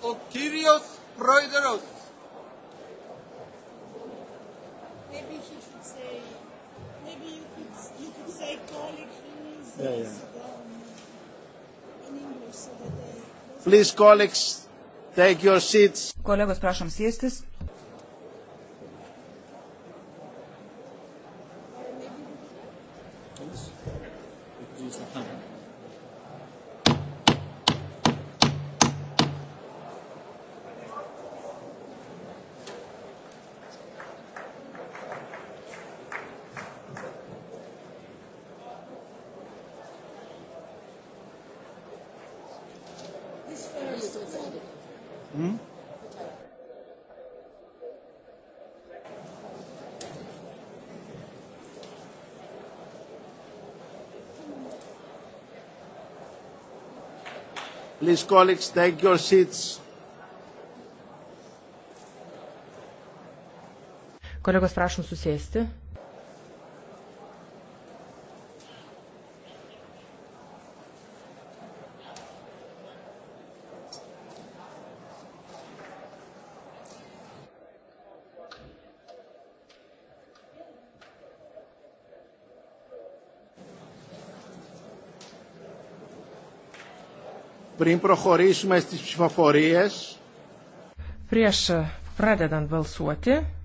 ο κύριος πρόεδρος. Maybe he should say, maybe you could, you could say colleague who is yeah, yeah. in English so that they... Please colleagues, take your seats. Kolegos, prašom sėstis. Thanks. Hmm? Please, colleagues, take your seats. Kolegos, prašom susėsti. Πριν προχωρήσουμε στις ψηφοφορίες. Prieš eh, pradedant balsuoti,